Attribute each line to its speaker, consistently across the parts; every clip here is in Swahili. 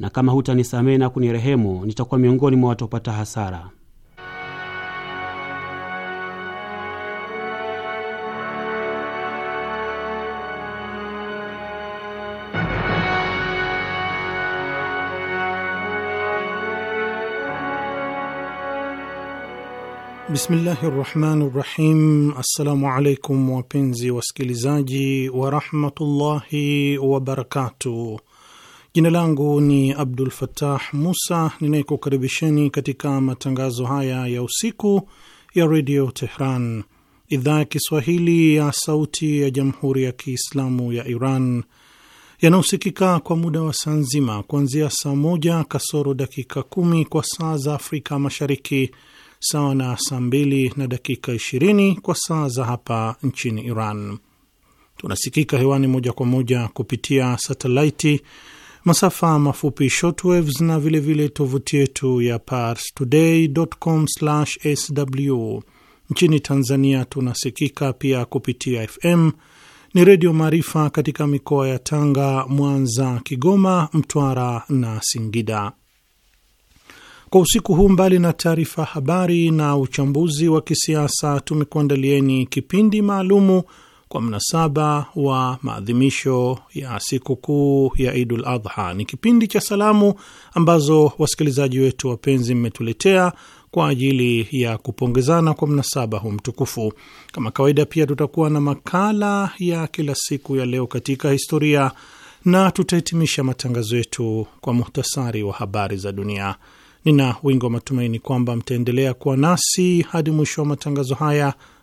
Speaker 1: na kama hutanisamehe na kunirehemu nitakuwa miongoni mwa watu wapata hasara.
Speaker 2: Bismillahi rahmani rahim. Assalamu alaikum wapenzi wasikilizaji warahmatullahi wabarakatuh. Jina langu ni Abdul fatah Musa ninayekukaribisheni katika matangazo haya ya usiku ya redio Tehran, idhaa ya Kiswahili ya sauti ya jamhuri ya Kiislamu ya Iran, yanayosikika kwa muda wa saa nzima kuanzia saa moja kasoro dakika kumi kwa saa za Afrika Mashariki, sawa na saa mbili na dakika ishirini kwa saa za hapa nchini Iran. Tunasikika hewani moja kwa moja kupitia satelaiti masafa mafupi shortwaves na vilevile tovuti yetu ya parstoday.com/sw. Nchini Tanzania tunasikika pia kupitia FM ni Redio Maarifa katika mikoa ya Tanga, Mwanza, Kigoma, Mtwara na Singida. Kwa usiku huu, mbali na taarifa habari na uchambuzi wa kisiasa, tumekuandalieni kipindi maalumu kwa mnasaba wa maadhimisho ya sikukuu ya Idul Adha. Ni kipindi cha salamu ambazo wasikilizaji wetu wapenzi mmetuletea kwa ajili ya kupongezana kwa mnasaba huu mtukufu. Kama kawaida, pia tutakuwa na makala ya kila siku ya leo katika historia na tutahitimisha matangazo yetu kwa muhtasari wa habari za dunia. Nina wingi wa matumaini kwamba mtaendelea kuwa nasi hadi mwisho wa matangazo haya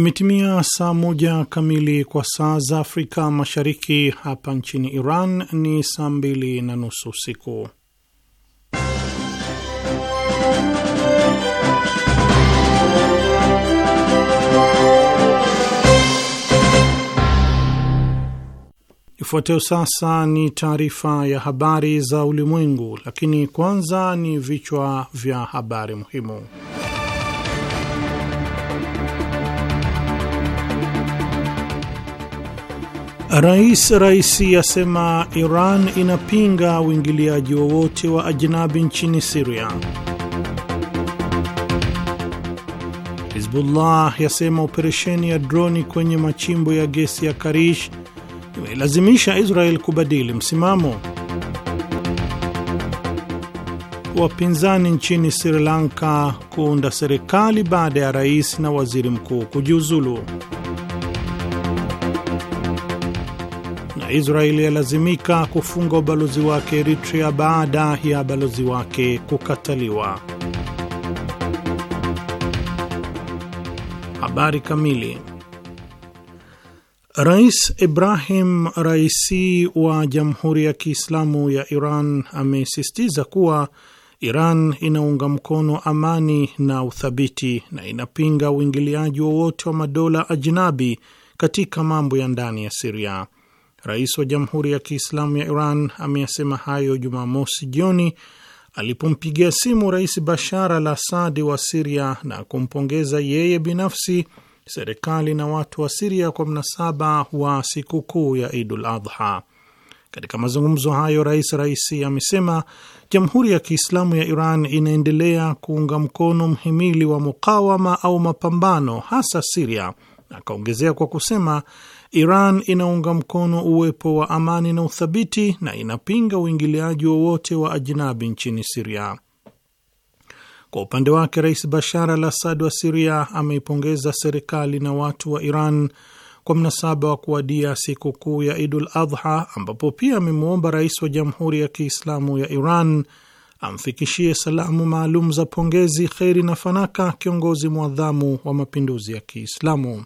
Speaker 2: Imetimia saa moja kamili kwa saa za Afrika Mashariki. Hapa nchini Iran ni saa mbili na nusu usiku. Ifuatayo sasa ni taarifa ya habari za ulimwengu, lakini kwanza ni vichwa vya habari muhimu. Rais Raisi asema Iran inapinga uingiliaji wowote wa ajnabi nchini Siria. Hizbullah yasema operesheni ya droni kwenye machimbo ya gesi ya Karish imelazimisha Israel kubadili msimamo. Wapinzani nchini Sri Lanka kuunda serikali baada ya rais na waziri mkuu kujiuzulu. Israeli yalazimika kufunga ubalozi wake Eritrea baada ya balozi wake kukataliwa. Habari kamili. Rais Ibrahim Raisi wa Jamhuri ya Kiislamu ya Iran amesisitiza kuwa Iran inaunga mkono amani na uthabiti na inapinga uingiliaji wowote wa madola ajinabi katika mambo ya ndani ya Siria. Rais wa Jamhuri ya Kiislamu ya Iran ameyasema hayo Jumamosi jioni alipompigia simu Rais Bashar al Asadi wa Siria na kumpongeza yeye binafsi, serikali na watu wa Siria kwa mnasaba wa sikukuu ya Idul Adha. Katika mazungumzo hayo, Rais Raisi amesema Jamhuri ya Kiislamu ya Iran inaendelea kuunga mkono mhimili wa mukawama au mapambano, hasa Siria, akaongezea kwa kusema Iran inaunga mkono uwepo wa amani na uthabiti na inapinga uingiliaji wowote wa, wa ajnabi nchini Siria. Kwa upande wake, Rais Bashar al Assad wa Siria ameipongeza serikali na watu wa Iran kwa mnasaba wa kuadia sikukuu ya Idul Adha, ambapo pia amemwomba rais wa Jamhuri ya Kiislamu ya Iran amfikishie salamu maalum za pongezi, kheri na fanaka kiongozi mwadhamu wa mapinduzi ya Kiislamu.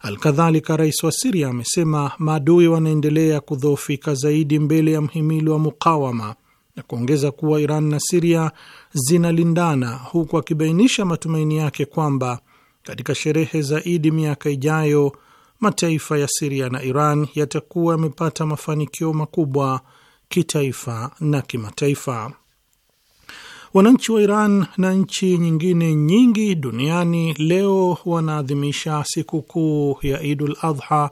Speaker 2: Alkadhalika, rais wa Siria amesema maadui wanaendelea kudhoofika zaidi mbele ya mhimili wa mukawama na kuongeza kuwa Iran na Siria zinalindana, huku akibainisha matumaini yake kwamba katika sherehe za Idi miaka ijayo mataifa ya Siria na Iran yatakuwa yamepata mafanikio makubwa kitaifa na kimataifa. Wananchi wa Iran na nchi nyingine nyingi duniani leo wanaadhimisha sikukuu ya Idul Adha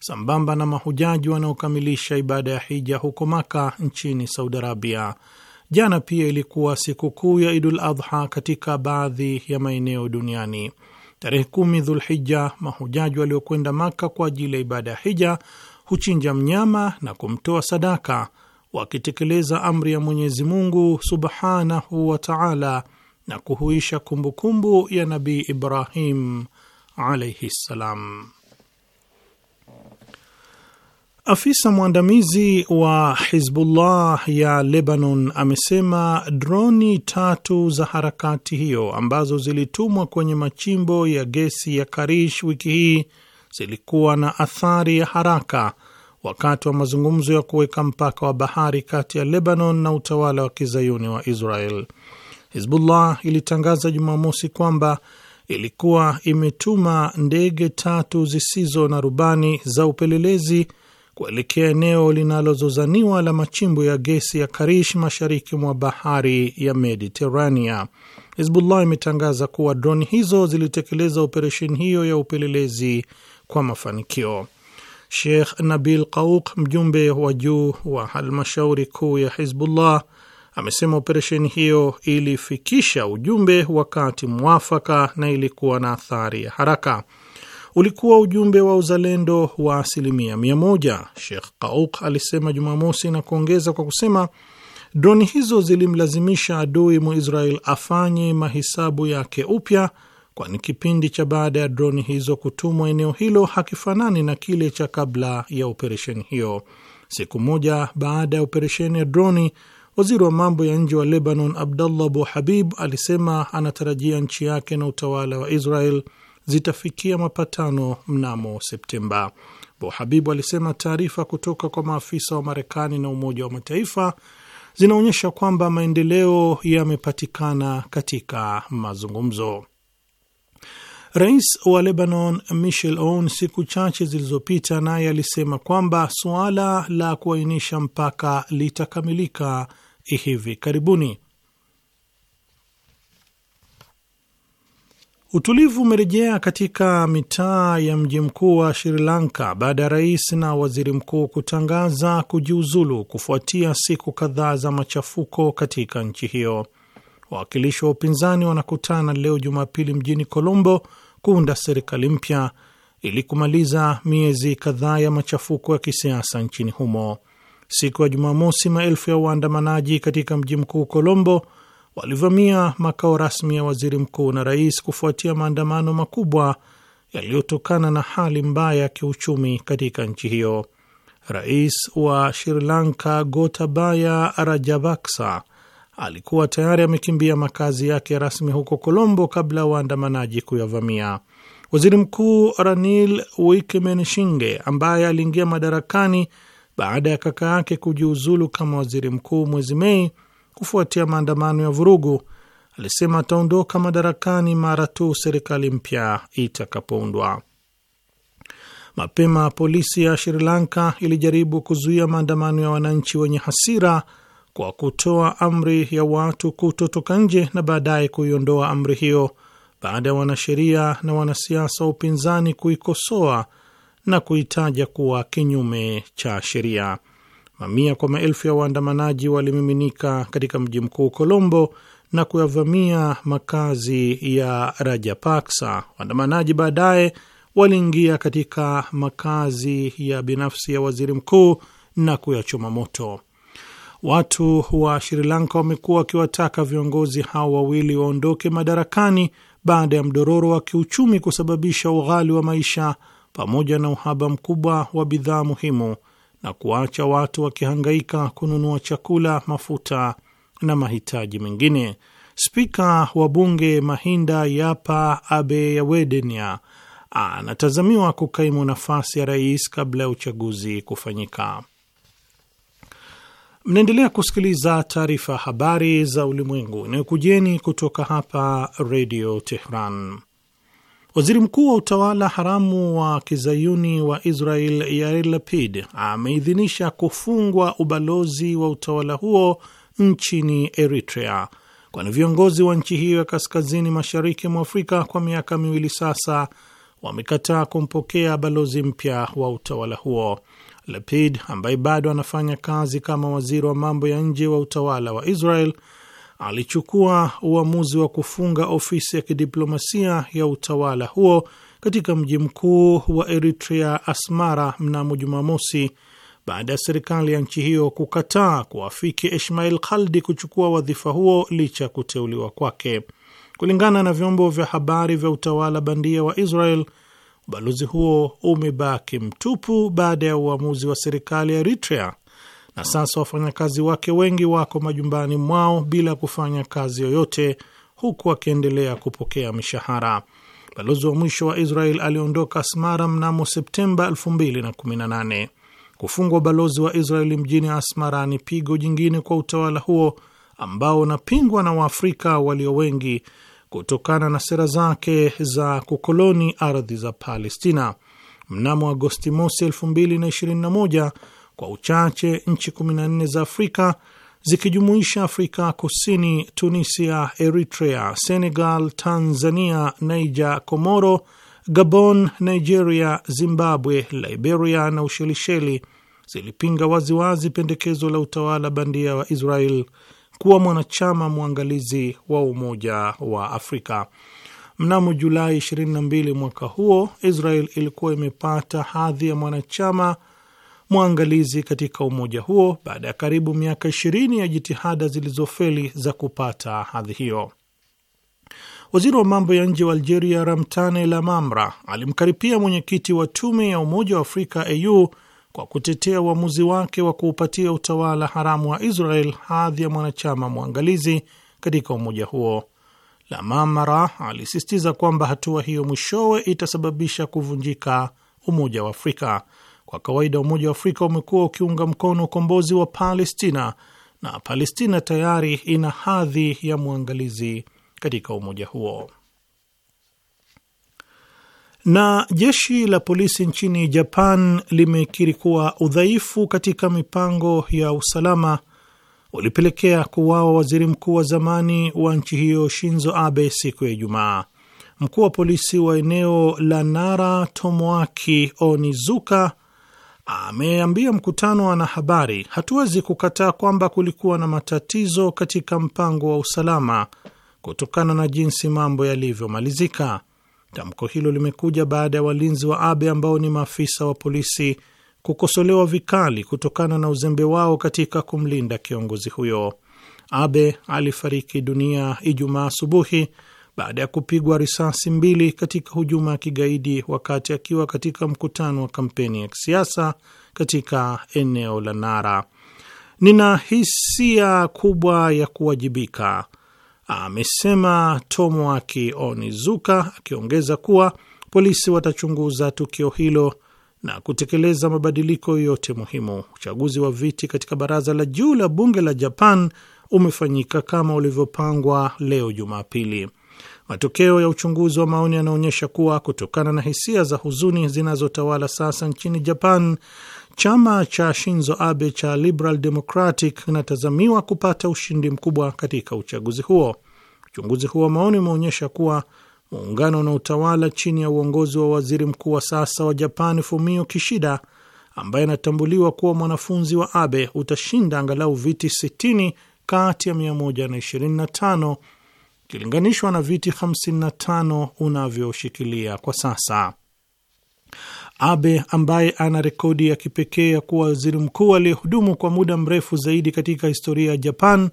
Speaker 2: sambamba na mahujaji wanaokamilisha ibada ya hija huko Maka nchini Saudi Arabia. Jana pia ilikuwa sikukuu ya Idul Adha katika baadhi ya maeneo duniani. Tarehe kumi Dhulhija, mahujaji waliokwenda Maka kwa ajili ya ibada ya hija huchinja mnyama na kumtoa sadaka wakitekeleza amri ya Mwenyezi Mungu subhanahu wa taala na kuhuisha kumbukumbu kumbu ya Nabii Ibrahim alaihi ssalam. Afisa mwandamizi wa Hizbullah ya Lebanon amesema droni tatu za harakati hiyo ambazo zilitumwa kwenye machimbo ya gesi ya Karish wiki hii zilikuwa na athari ya haraka wakati wa mazungumzo ya kuweka mpaka wa bahari kati ya Lebanon na utawala wa kizayuni wa Israel. Hizbullah ilitangaza Jumamosi kwamba ilikuwa imetuma ndege tatu zisizo na rubani za upelelezi kuelekea eneo linalozozaniwa la machimbo ya gesi ya Karish mashariki mwa bahari ya Mediterania. Hizbullah imetangaza kuwa droni hizo zilitekeleza operesheni hiyo ya upelelezi kwa mafanikio. Sheikh Nabil Qauk, mjumbe wa juu wa halmashauri kuu ya Hizbullah, amesema operesheni hiyo ilifikisha ujumbe wakati mwafaka na ilikuwa na athari ya haraka. Ulikuwa ujumbe wa uzalendo wa asilimia mia moja, Sheikh Qauk alisema Jumamosi na kuongeza kwa kusema droni hizo zilimlazimisha adui Mwisrael afanye mahesabu yake upya kwani kipindi cha baada ya droni hizo kutumwa eneo hilo hakifanani na kile cha kabla ya operesheni hiyo. Siku moja baada ya operesheni ya droni, waziri wa mambo ya nje wa Lebanon abdullah Abu Habib alisema anatarajia nchi yake na utawala wa Israel zitafikia mapatano mnamo Septemba. bu Habib alisema taarifa kutoka kwa maafisa wa Marekani na Umoja wa Mataifa zinaonyesha kwamba maendeleo yamepatikana katika mazungumzo. Rais wa Lebanon Michel Aoun siku chache zilizopita naye alisema kwamba suala la kuainisha mpaka litakamilika hivi karibuni. Utulivu umerejea katika mitaa ya mji mkuu wa Sri Lanka baada ya rais na waziri mkuu kutangaza kujiuzulu kufuatia siku kadhaa za machafuko katika nchi hiyo. Wawakilishi wa upinzani wanakutana leo Jumapili mjini Colombo kuunda serikali mpya ili kumaliza miezi kadhaa ya machafuko ya kisiasa nchini humo. Siku ya Jumamosi, maelfu ya waandamanaji katika mji mkuu Colombo walivamia makao rasmi ya waziri mkuu na rais kufuatia maandamano makubwa yaliyotokana na hali mbaya ya kiuchumi katika nchi hiyo. Rais wa Sri Lanka Gotabaya Rajapaksa alikuwa tayari amekimbia makazi yake rasmi huko Colombo kabla ya waandamanaji kuyavamia. Waziri Mkuu Ranil Wickremesinghe ambaye aliingia madarakani baada ya kaka yake kujiuzulu kama waziri mkuu mwezi Mei kufuatia maandamano ya vurugu, alisema ataondoka madarakani mara tu serikali mpya itakapoundwa. Mapema polisi ya Sri Lanka ilijaribu kuzuia maandamano ya wananchi wenye hasira kwa kutoa amri ya watu kutotoka nje na baadaye kuiondoa amri hiyo baada ya wanasheria na wanasiasa wa upinzani kuikosoa na kuitaja kuwa kinyume cha sheria. Mamia kwa maelfu ya waandamanaji walimiminika katika mji mkuu Colombo na kuyavamia makazi ya Rajapaksa. Waandamanaji baadaye waliingia katika makazi ya binafsi ya waziri mkuu na kuyachoma moto. Watu wa Sri Lanka wamekuwa wakiwataka viongozi hao wawili waondoke madarakani baada ya mdororo wa kiuchumi kusababisha ughali wa maisha pamoja na uhaba mkubwa wa bidhaa muhimu na kuacha watu wakihangaika kununua chakula, mafuta na mahitaji mengine. Spika wa bunge Mahinda Yapa abe yawedenia anatazamiwa kukaimu nafasi ya rais kabla ya uchaguzi kufanyika. Mnaendelea kusikiliza taarifa ya habari za ulimwengu inayokujeni kutoka hapa redio Tehran. Waziri mkuu wa utawala haramu wa kizayuni wa Israel Yair Lapid ameidhinisha kufungwa ubalozi wa utawala huo nchini Eritrea, kwani viongozi wa nchi hiyo ya kaskazini mashariki mwa Afrika kwa miaka miwili sasa wamekataa kumpokea balozi mpya wa utawala huo. Lapid ambaye bado anafanya kazi kama waziri wa mambo ya nje wa utawala wa Israel alichukua uamuzi wa kufunga ofisi ya kidiplomasia ya utawala huo katika mji mkuu wa Eritrea Asmara mnamo Jumamosi baada ya serikali ya nchi hiyo kukataa kuafiki Ismail Khaldi kuchukua wadhifa huo licha ya kuteuliwa kwake. Kulingana na vyombo vya habari vya utawala bandia wa Israel, ubalozi huo umebaki mtupu baada ya uamuzi wa serikali ya Eritrea, na sasa wafanyakazi wake wengi wako majumbani mwao bila kufanya kazi yoyote, huku wakiendelea kupokea mishahara. Balozi wa mwisho wa Israel aliondoka Asmara mnamo Septemba 2018. Kufungwa balozi wa Israeli mjini Asmara ni pigo jingine kwa utawala huo ambao unapingwa na Waafrika walio wengi kutokana na sera zake za kukoloni ardhi za Palestina. Mnamo Agosti mosi 2021, kwa uchache nchi 14 za Afrika zikijumuisha Afrika Kusini, Tunisia, Eritrea, Senegal, Tanzania, Niger, Komoro, Gabon, Nigeria, Zimbabwe, Liberia na Ushelisheli zilipinga waziwazi pendekezo la utawala bandia wa Israel kuwa mwanachama mwangalizi wa Umoja wa Afrika. Mnamo Julai 22 mwaka huo, Israel ilikuwa imepata hadhi ya mwanachama mwangalizi katika umoja huo baada ya karibu miaka 20 ya jitihada zilizofeli za kupata hadhi hiyo. Waziri wa mambo ya nje wa Algeria Ramtane Lamamra alimkaripia mwenyekiti wa tume ya Umoja wa Afrika AU kwa kutetea uamuzi wake wa kuupatia utawala haramu wa Israel hadhi ya mwanachama mwangalizi katika umoja huo. Lamamara alisisitiza kwamba hatua hiyo mwishowe itasababisha kuvunjika umoja wa Afrika. Kwa kawaida, umoja wa Afrika umekuwa ukiunga mkono ukombozi wa Palestina na Palestina tayari ina hadhi ya mwangalizi katika umoja huo. Na jeshi la polisi nchini Japan limekiri kuwa udhaifu katika mipango ya usalama ulipelekea kuwawa waziri mkuu wa zamani wa nchi hiyo Shinzo Abe siku ya Ijumaa. Mkuu wa polisi wa eneo la Nara Tomoaki Onizuka ameambia mkutano wa wanahabari, hatuwezi kukataa kwamba kulikuwa na matatizo katika mpango wa usalama kutokana na jinsi mambo yalivyomalizika. Tamko hilo limekuja baada ya walinzi wa Abe ambao ni maafisa wa polisi kukosolewa vikali kutokana na uzembe wao katika kumlinda kiongozi huyo. Abe alifariki dunia Ijumaa asubuhi baada ya kupigwa risasi mbili katika hujuma ya kigaidi wakati akiwa katika mkutano wa kampeni ya kisiasa katika eneo la Nara. Nina hisia kubwa ya kuwajibika amesema Tomoaki Onizuka, akiongeza kuwa polisi watachunguza tukio hilo na kutekeleza mabadiliko yote muhimu. Uchaguzi wa viti katika baraza la juu la bunge la Japan umefanyika kama ulivyopangwa leo Jumapili. Matokeo ya uchunguzi wa maoni yanaonyesha kuwa kutokana na hisia za huzuni zinazotawala sasa nchini Japan, Chama cha Shinzo Abe cha Liberal Democratic kinatazamiwa kupata ushindi mkubwa katika uchaguzi huo. Uchunguzi huo wa maoni umeonyesha kuwa muungano na utawala chini ya uongozi wa waziri mkuu wa sasa wa Japan Fumio Kishida, ambaye anatambuliwa kuwa mwanafunzi wa Abe, utashinda angalau viti 60 kati ya 125 ikilinganishwa na viti 55 unavyoshikilia kwa sasa. Abe ambaye ana rekodi ya kipekee ya kuwa waziri mkuu aliyehudumu kwa muda mrefu zaidi katika historia ya Japan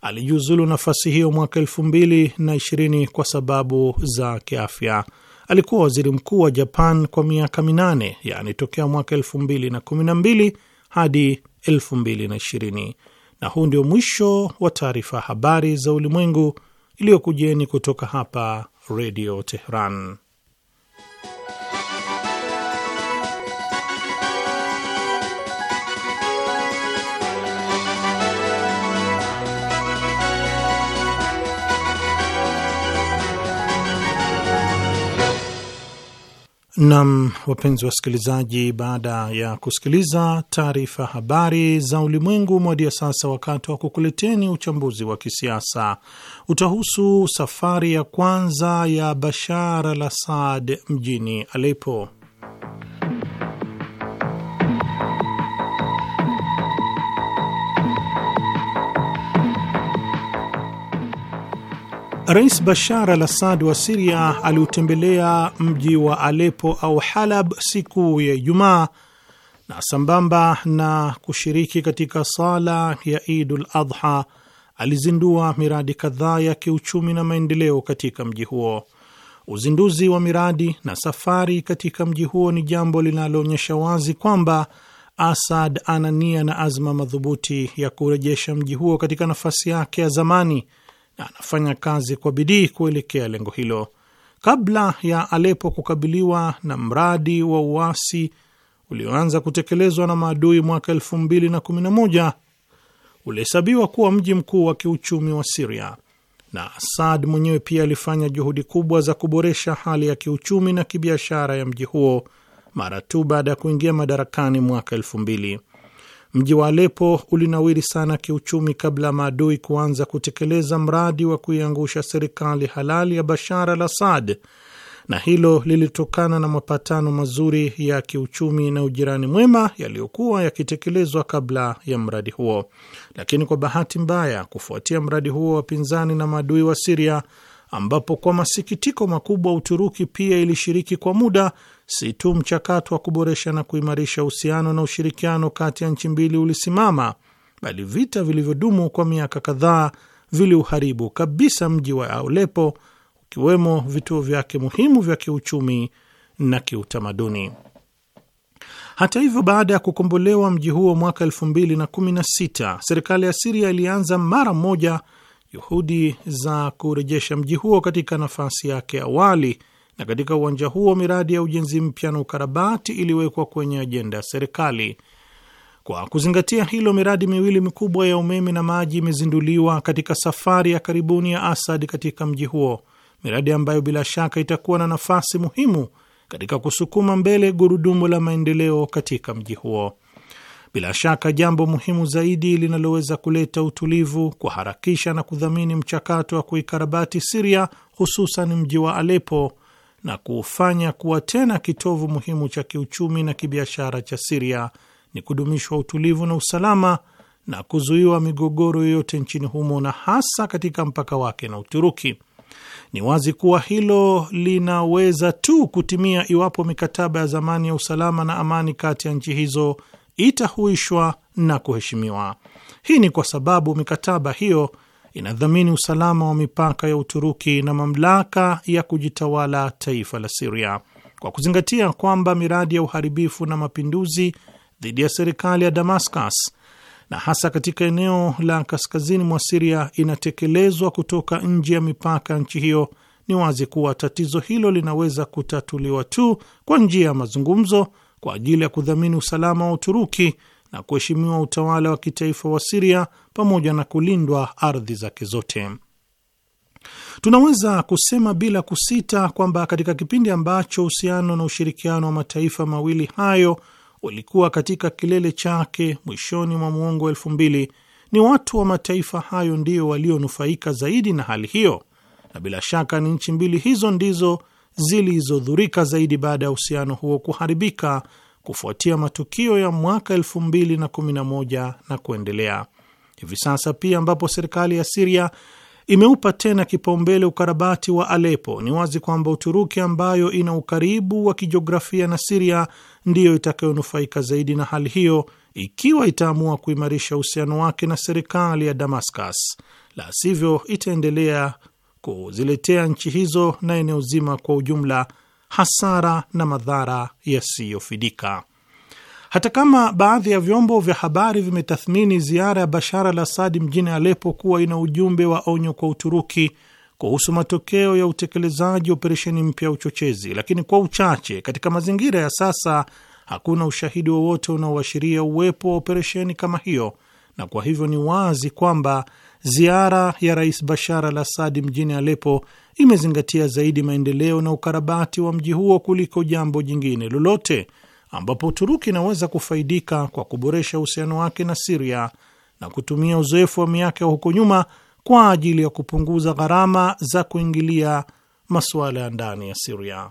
Speaker 2: alijiuzulu nafasi hiyo mwaka elfu mbili na ishirini kwa sababu za kiafya. Alikuwa waziri mkuu wa Japan kwa miaka minane, yaani tokea mwaka elfu mbili na kumi na mbili hadi elfu mbili na ishirini. Na huu ndio mwisho wa taarifa habari za ulimwengu iliyokujeni kutoka hapa Redio Tehran. Nam, wapenzi wasikilizaji, baada ya kusikiliza taarifa habari za ulimwengu, ya sasa wakati wa kukuleteni uchambuzi wa kisiasa. Utahusu safari ya kwanza ya Bashar al Assad mjini Aleppo. Rais Bashar al Assad wa Siria aliutembelea mji wa Alepo au Halab siku ya Ijumaa na sambamba na kushiriki katika sala ya Idul Adha alizindua miradi kadhaa ya kiuchumi na maendeleo katika mji huo. Uzinduzi wa miradi na safari katika mji huo ni jambo linaloonyesha wazi kwamba Asad ana nia na azma madhubuti ya kurejesha mji huo katika nafasi yake ya zamani na anafanya kazi kwa bidii kuelekea lengo hilo. Kabla ya Alepo kukabiliwa na mradi wa uasi ulioanza kutekelezwa na maadui mwaka moja ulihesabiwa kuwa mji mkuu wa kiuchumi wa Siria, na Asad mwenyewe pia alifanya juhudi kubwa za kuboresha hali ya kiuchumi na kibiashara ya mji huo mara tu baada ya kuingia madarakani mwaka elfu mbili. Mji wa Alepo ulinawiri sana kiuchumi kabla ya maadui kuanza kutekeleza mradi wa kuiangusha serikali halali ya Bashar al Assad, na hilo lilitokana na mapatano mazuri ya kiuchumi na ujirani mwema yaliyokuwa yakitekelezwa kabla ya mradi huo. Lakini kwa bahati mbaya, kufuatia mradi huo, wapinzani na maadui wa Siria, ambapo kwa masikitiko makubwa Uturuki pia ilishiriki kwa muda si tu mchakato wa kuboresha na kuimarisha uhusiano na ushirikiano kati ya nchi mbili ulisimama, bali vita vilivyodumu kwa miaka kadhaa viliuharibu kabisa mji wa Aleppo, ukiwemo vituo vyake muhimu vya kiuchumi na kiutamaduni. Hata hivyo, baada ya kukombolewa mji huo mwaka 2016 serikali ya Siria ilianza mara moja juhudi za kurejesha mji huo katika nafasi yake awali na katika uwanja huo miradi ya ujenzi mpya na ukarabati iliwekwa kwenye ajenda ya serikali. Kwa kuzingatia hilo, miradi miwili mikubwa ya umeme na maji imezinduliwa katika safari ya karibuni ya Asad katika mji huo, miradi ambayo bila shaka itakuwa na nafasi muhimu katika kusukuma mbele gurudumu la maendeleo katika mji huo. Bila shaka jambo muhimu zaidi linaloweza kuleta utulivu, kuharakisha na kudhamini mchakato wa kuikarabati Siria, hususan mji wa Alepo, na kuufanya kuwa tena kitovu muhimu cha kiuchumi na kibiashara cha Siria ni kudumishwa utulivu na usalama na kuzuiwa migogoro yoyote nchini humo na hasa katika mpaka wake na Uturuki. Ni wazi kuwa hilo linaweza tu kutimia iwapo mikataba ya zamani ya usalama na amani kati ya nchi hizo itahuishwa na kuheshimiwa. Hii ni kwa sababu mikataba hiyo inadhamini usalama wa mipaka ya Uturuki na mamlaka ya kujitawala taifa la Siria kwa kuzingatia kwamba miradi ya uharibifu na mapinduzi dhidi ya serikali ya Damascus na hasa katika eneo la kaskazini mwa Siria inatekelezwa kutoka nje ya mipaka ya nchi hiyo, ni wazi kuwa tatizo hilo linaweza kutatuliwa tu kwa njia ya mazungumzo kwa ajili ya kudhamini usalama wa Uturuki na kuheshimiwa utawala wa kitaifa wa Siria pamoja na kulindwa ardhi zake zote. Tunaweza kusema bila kusita kwamba katika kipindi ambacho uhusiano na ushirikiano wa mataifa mawili hayo ulikuwa katika kilele chake mwishoni mwa muongo wa elfu mbili, ni watu wa mataifa hayo ndio walionufaika zaidi na hali hiyo, na bila shaka ni nchi mbili hizo ndizo zilizodhurika zaidi baada ya uhusiano huo kuharibika kufuatia matukio ya mwaka 2011 na, na kuendelea hivi sasa pia, ambapo serikali ya Siria imeupa tena kipaumbele ukarabati wa Alepo. Ni wazi kwamba Uturuki ambayo ina ukaribu wa kijiografia na Siria ndiyo itakayonufaika zaidi na hali hiyo ikiwa itaamua kuimarisha uhusiano wake na serikali ya Damascus, la sivyo itaendelea kuziletea nchi hizo na eneo zima kwa ujumla hasara na madhara yasiyofidika. Hata kama baadhi ya vyombo vya habari vimetathmini ziara ya Bashar al Asadi mjini Alepo kuwa ina ujumbe wa onyo kwa Uturuki kuhusu matokeo ya utekelezaji operesheni mpya ya uchochezi, lakini kwa uchache, katika mazingira ya sasa hakuna ushahidi wowote unaoashiria uwepo wa operesheni kama hiyo, na kwa hivyo ni wazi kwamba Ziara ya Rais Bashar al Assadi mjini Alepo imezingatia zaidi maendeleo na ukarabati wa mji huo kuliko jambo jingine lolote, ambapo Uturuki inaweza kufaidika kwa kuboresha uhusiano wake na Siria na kutumia uzoefu wa miaka ya huko nyuma kwa ajili ya kupunguza gharama za kuingilia masuala ya ndani ya Siria.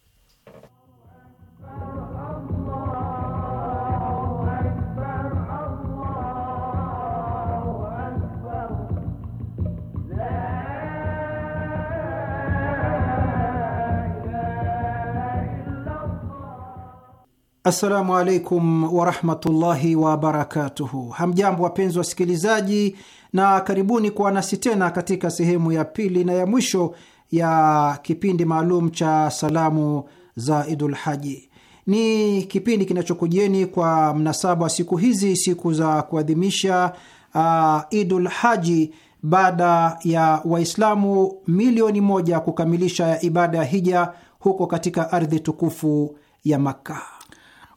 Speaker 3: Assalamu alaikum warahmatullahi wabarakatuhu. Hamjambo wapenzi wasikilizaji, na karibuni kuwa nasi tena katika sehemu ya pili na ya mwisho ya kipindi maalum cha salamu za Idul Haji. Ni kipindi kinachokujieni kwa mnasaba wa siku hizi, siku za kuadhimisha uh, Idul Haji baada ya Waislamu milioni moja kukamilisha ibada ya hija huko katika ardhi tukufu ya Makka.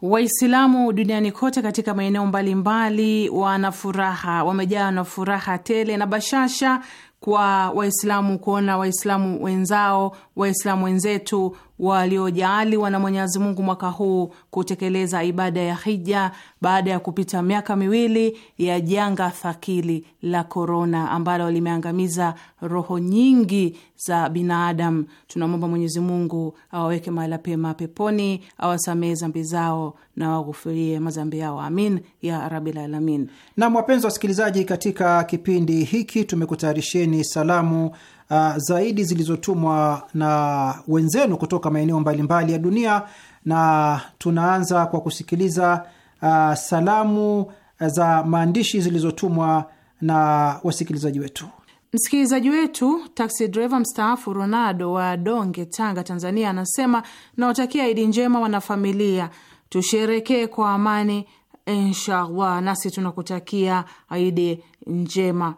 Speaker 4: Waislamu duniani kote katika maeneo mbalimbali wana furaha, wamejawa na furaha tele na bashasha kwa Waislamu kuona Waislamu wenzao, Waislamu wenzetu waliojaaliwa na Mwenyezi Mungu mwaka huu kutekeleza ibada ya hija baada ya kupita miaka miwili ya janga thakili la korona ambalo limeangamiza roho nyingi za binadamu. Tunamwomba Mwenyezi Mungu awaweke mahala pema peponi, awasamehe zambi zao na waghufurie mazambi yao, amin ya rabil alamin.
Speaker 3: Nam, wapenzi wasikilizaji, katika kipindi hiki tumekutayarisheni salamu uh, zaidi zilizotumwa na wenzenu kutoka maeneo mbalimbali ya dunia, na tunaanza kwa kusikiliza uh, salamu za maandishi zilizotumwa na wasikilizaji wetu.
Speaker 4: Msikilizaji wetu taxi driver mstaafu Ronaldo wa Donge, Tanga, Tanzania, anasema nawatakia Idi njema wanafamilia, tusherekee kwa amani inshallah. Nasi tunakutakia Idi njema.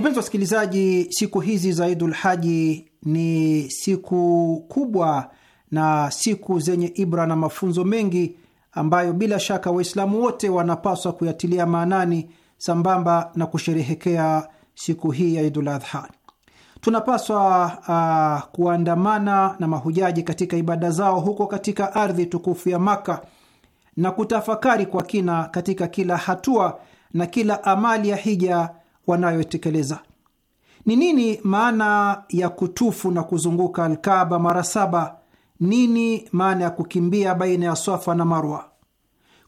Speaker 3: Wapenzi wasikilizaji, siku hizi za Idul Haji ni siku kubwa na siku zenye ibra na mafunzo mengi ambayo bila shaka Waislamu wote wanapaswa kuyatilia maanani sambamba na kusherehekea siku hii ya Idul Adha. Tunapaswa uh, kuandamana na mahujaji katika ibada zao huko katika ardhi tukufu ya Maka na kutafakari kwa kina katika kila hatua na kila amali ya hija wanayotekeleza. Ni nini maana ya kutufu na kuzunguka Alkaba mara saba? Nini maana ya kukimbia baina ya Swafa na Marwa?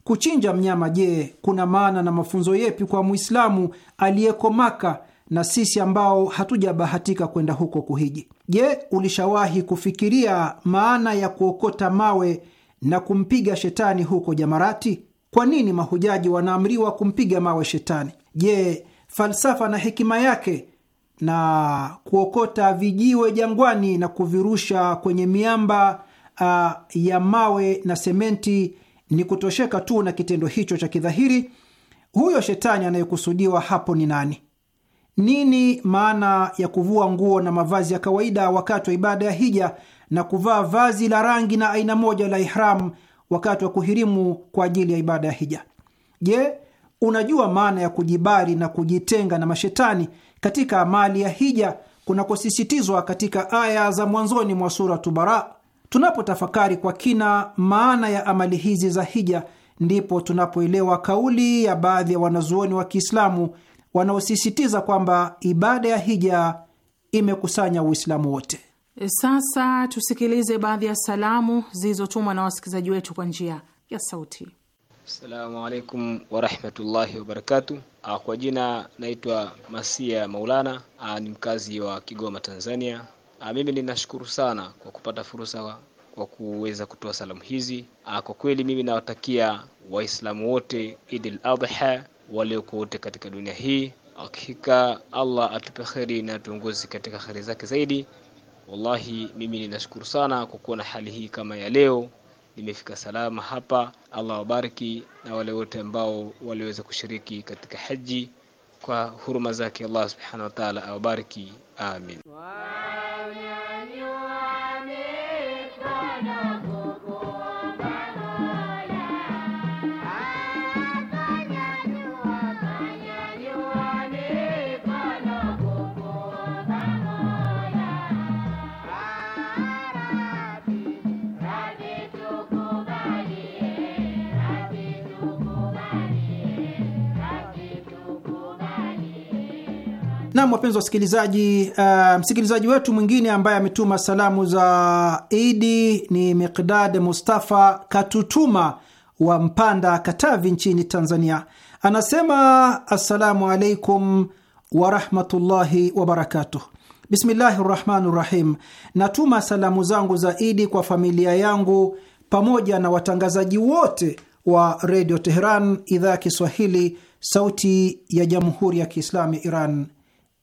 Speaker 3: Kuchinja mnyama, je, kuna maana na mafunzo yepi kwa Mwislamu aliyeko Maka na sisi ambao hatujabahatika kwenda huko kuhiji? Je, ulishawahi kufikiria maana ya kuokota mawe na kumpiga shetani huko Jamarati? Kwa nini mahujaji wanaamriwa kumpiga mawe shetani? Je, falsafa na hekima yake na kuokota vijiwe jangwani na kuvirusha kwenye miamba uh, ya mawe na sementi ni kutosheka tu na kitendo hicho cha kidhahiri. Huyo shetani anayekusudiwa hapo ni nani? Nini maana ya kuvua nguo na mavazi ya kawaida wakati wa ibada ya hija na kuvaa vazi la rangi na aina moja la ihram wakati wa kuhirimu kwa ajili ya ibada ya hija? Je, unajua maana ya kujibari na kujitenga na mashetani katika amali ya hija kunakosisitizwa katika aya za mwanzoni mwa Suratu Bara. Tunapotafakari kwa kina maana ya amali hizi za hija, ndipo tunapoelewa kauli ya baadhi ya wanazuoni wa Kiislamu wanaosisitiza kwamba ibada ya hija imekusanya Uislamu wote.
Speaker 4: Sasa tusikilize baadhi ya salamu zilizotumwa na wasikilizaji wetu kwa njia ya sauti
Speaker 1: asalamu alaikum warahmatullahi wabarakatu. Ah, kwa jina naitwa Masia Maulana, ah, ni mkazi wa Kigoma, Tanzania. Ah, mimi ninashukuru sana kwa kupata fursa kwa kuweza kutoa salamu hizi. Kwa kweli mimi nawatakia Waislamu wote Idil Adha walioko wote katika dunia hii. Hakika Allah atupe kheri na tuongozi katika kheri zake zaidi. Wallahi mimi ninashukuru sana kwa kuwa na hali hii kama ya leo nimefika salama hapa. Allah wabariki na wale wote ambao waliweza kushiriki katika haji kwa huruma zake Allah subhanahu wa ta'ala awabariki, amin.
Speaker 3: Nam, wapenzi wasikilizaji, uh, msikilizaji wetu mwingine ambaye ametuma salamu za Idi ni Miqdad Mustafa Katutuma wa Mpanda, Katavi nchini Tanzania. Anasema assalamu alaikum warahmatullahi wabarakatuh. Bismillahi rahmani rahim. Natuma salamu zangu za Idi kwa familia yangu pamoja na watangazaji wote wa Redio Teheran idhaa ya Kiswahili, sauti ya Jamhuri ya Kiislamu ya Iran.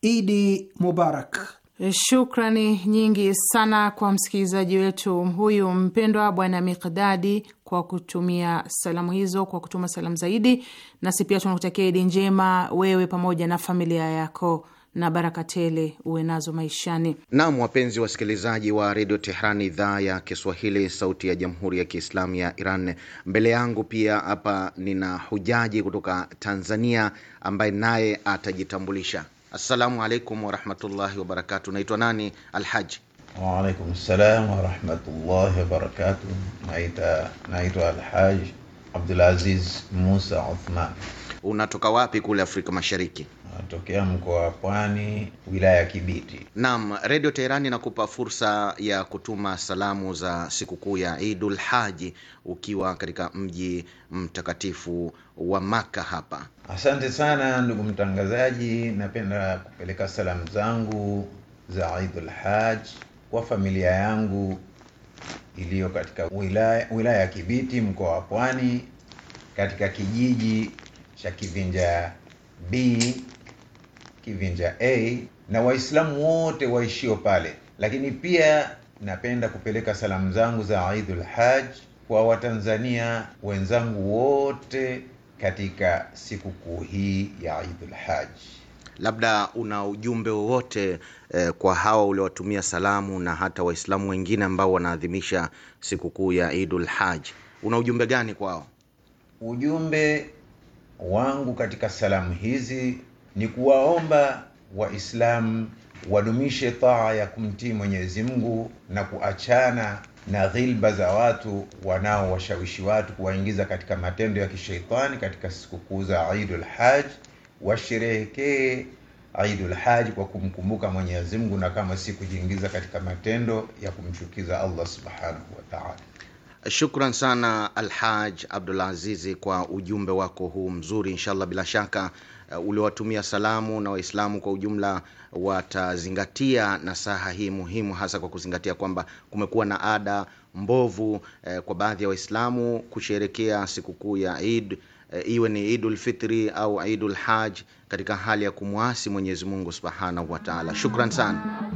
Speaker 3: Idi Mubarak.
Speaker 4: Shukrani nyingi sana kwa msikilizaji wetu huyu mpendwa Bwana Mikdadi kwa kutumia salamu hizo, kwa kutuma salamu zaidi. Nasi pia tunakutakia Idi njema wewe pamoja na familia yako na baraka tele uwe nazo maishani.
Speaker 5: Naam, wapenzi wasikilizaji wa redio Teherani, idhaa ya Kiswahili, sauti ya jamhuri ya kiislamu ya Iran. Mbele yangu pia hapa nina hujaji kutoka Tanzania ambaye naye atajitambulisha. Assalamu alaikum warahmatullahi wabarakatu. Naitwa nani? Alhaji.
Speaker 6: Waalaikum salam warahmatullahi wabarakatu. Naita naitwa Alhaji Abdulaziz Musa Uthman.
Speaker 5: Unatoka wapi kule Afrika Mashariki? natokea mkoa wa Pwani, wilaya
Speaker 6: ya Kibiti.
Speaker 5: Naam, Redio Teherani inakupa fursa ya kutuma salamu za sikukuu ya Idul Haji ukiwa katika mji mtakatifu wa Maka hapa.
Speaker 6: Asante sana ndugu mtangazaji, napenda kupeleka salamu zangu za Idul Haji kwa familia yangu iliyo katika wilaya, wilaya ya Kibiti mkoa wa Pwani katika kijiji cha Kivinja B Kivinja A na Waislamu wote waishio pale, lakini pia napenda kupeleka salamu zangu za Eidul Hajj kwa Watanzania wenzangu wote katika sikukuu hii ya Eidul
Speaker 5: Hajj. Labda una ujumbe wowote eh, kwa hawa uliowatumia salamu na hata Waislamu wengine ambao wanaadhimisha sikukuu ya Eidul Hajj, una ujumbe gani kwao?
Speaker 6: Ujumbe wangu katika salamu hizi ni kuwaomba Waislamu wadumishe taa ya kumtii Mwenyezi Mungu na kuachana na dhilba za watu wanaowashawishi watu kuwaingiza katika matendo ya kisheitani katika sikukuu za Eidul Hajj. Washerehekee Eidul Hajj kwa kumkumbuka Mwenyezi Mungu na kama si kujiingiza katika matendo ya kumchukiza Allah Subhanahu wa Ta'ala.
Speaker 5: Shukran sana Alhaj Abdulazizi kwa ujumbe wako huu mzuri, inshallah bila shaka Eh, uliowatumia salamu na Waislamu kwa ujumla watazingatia nasaha hii muhimu, hasa kwa kuzingatia kwamba kumekuwa na ada mbovu eh, kwa baadhi ya Waislamu kusherekea sikukuu ya Eid eh, iwe ni Eidul Fitri au Eidul Hajj katika hali ya kumwasi Mwenyezi Mungu Subhanahu wa Ta'ala. Shukran sana.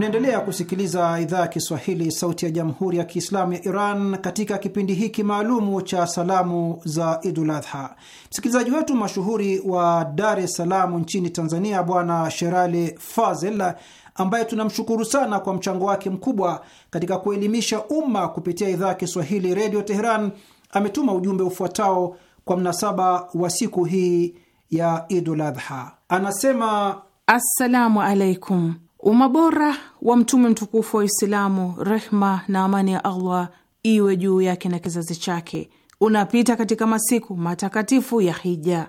Speaker 3: Mnaendelea kusikiliza idhaa ya Kiswahili, sauti ya jamhuri ya kiislamu ya Iran katika kipindi hiki maalumu cha salamu za Idul Adha. Msikilizaji wetu mashuhuri wa Dar es Salaam nchini Tanzania, Bwana Sherali Fazel, ambaye tunamshukuru sana kwa mchango wake mkubwa katika kuelimisha umma kupitia idhaa ya Kiswahili redio Teheran, ametuma ujumbe ufuatao kwa mnasaba wa siku hii ya Idul Adha.
Speaker 4: Anasema, assalamu alaikum umabora wa mtume mtukufu wa Uislamu, rehma na amani ya Allah iwe juu yake na kizazi chake, unapita katika masiku matakatifu ya hija,